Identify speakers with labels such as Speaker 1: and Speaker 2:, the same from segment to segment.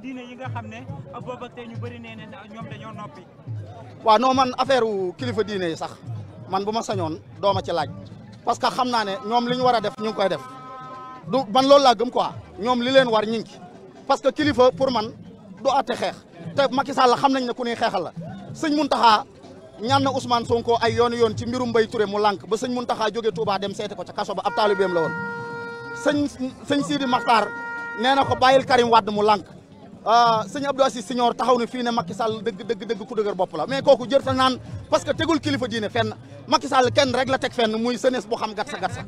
Speaker 1: diine yi nga xam ne boobu ak ñu bëri nee na ñoom dañoo noppi. waaw non man affaire wu kilifa diine yi sax man bu ma sañoon dooma ci laaj parce que xam naa ne ñoom li ñu war a def ñu koy def du ban loolu laa gëm quoi ñoom li leen war ñu parce que kilifa pour man du àtte xeex te Macky Sall xam nañ ne ku ñuy xeexal la sëñ Mountakha ñaan na Ousmane Sonko ay yoon yoon ci mbirum Mbaye Touré mu lànk ba sëñ Mountakha jógee Touba dem seeti ko ca kaso ba ab taalibeem la woon sëñ sëñ Sidi Maxtaar nee na ko bàyyil Karim Wade mu lànk Ah, sëñ Abdou Aziz Senior taxaw ne fii ne Macky Sall dëgg dëgg dëgg ku dëgër bopp la mais kooku jër ta naan parce que tegul kilifa diine fenn Macky Sall kenn rek la teg fenn muy jeunesse bo xam gatsa gatsa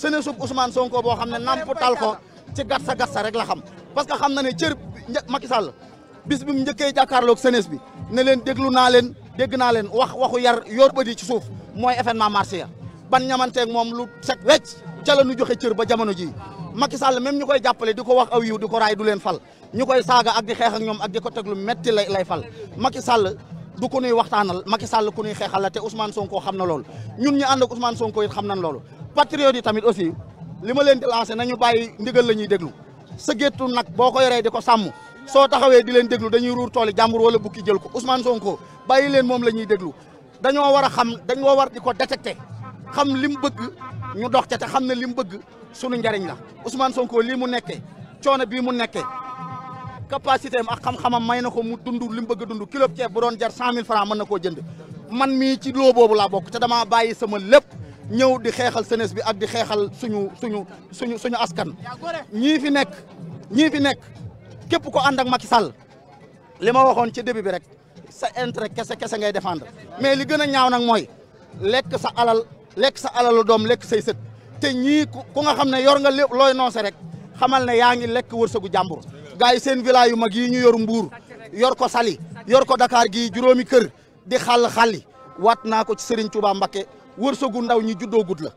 Speaker 1: jeunesse bu Ousmane Sonko boo xam ne namputal ko ci gatsa gatsa rek la xam parce que xam na ne cër Macky Sall bis bi mu njëkkee jàkkaarloog jeunesse bi ne leen déglu naa leen dégg naa leen wax waxu yar yoor ba di ci suuf mooy événement marché ya ban ñamanteeg moom lu set wecc ca la nu joxe cër ba jamono jii Macky Sall même ñu koy jàppale di ko wax aw yiw di ko du leen fal ñu koy saaga ak di xeex ak ñoom ak di ko teglu lu metti lay lay fal Macky Sall du ku nuy waxtaanal Macky Sall ku nuy xeexal la te Ousmane Sonko xam na loolu ñun ñu ànd ak Ousmane Sonko it xam nañ lool patriote yi tamit aussi li ma leen di lancé nañu bàyyi ndigal la ñuy déglu sa géttu nag boo ko yoree di ko sàmm soo taxawee di leen déglu dañuy ruur tooli jàmbur wala bukki jël ko Ousmane Sonko bàyyi leen moom lañuy ñuy déglu dañoo war a xam dañoo war di ko détecté xam li mu bëgg ñu dox ca te xam ne li mu bëgg sunu njariñ la Ousmane Sonko lii mu nekkee coono bii mu nekkee capacité am ak may na ko mu dundu li mu bëgg a dund kilo ceeb bu doon jar cent mille francs na koo jënd man mii ci loo boobu bokk te damaa bàyyi sama lépp ñëw di xeexal senes bi ak di xeexal suñu suñu suñu suñu askan ñii fi nekk ñii fi nekk képp ko ànd ak Macky Sall li ma waxoon ci début bi rek sa intérêt kese kese ngay défendre mais li gën a ñaaw nag mooy lekk sa alal lekk sa alalu doom lekk say sët te ñii ku nga xam ne yor nga lépp looy noose rek xamal ne yaa ngi lekk wërsëgu jàmbur gars yi seen village yu mag yi ñu yor mbuur yor ko Saly yor ko Dakar gii juróomi kër di xàll xàlli wat naa ko ci Serigne Touba Mbacké wërsëgu ndaw ñi juddoo gud la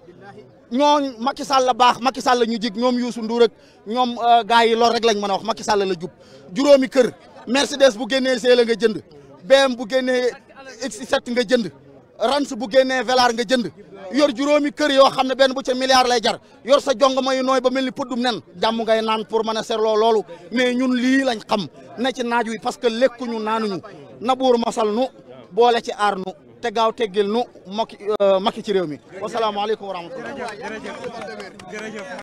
Speaker 1: ñooñ Macky Sall la baax Macky Sall la ñu jig ñoom Youssou Ndour ak ñoom euh, gars yi loolu rek lañ mën a wax Macky Sall la jub juróomi kër Mercedes bu génnee see nga jënd BM bu génnee X7 nga jënd Range bu génnee Velar nga jënd yor juróomi kër yoo xam na benn bu ca milliard lay jar yor sa jong ma yu nooy ba mel ni pëddum nen jàmm ngay naan pour mën a seetloo loolu mais ñun lii lañ xam ne ci naaj wi parce que lekku ñu naanu ñu na buur masal nu boole ci aar nu te gaaw teggil nu makki euh, makki ci réew mi wasalaamaaleykum wa rahmatullah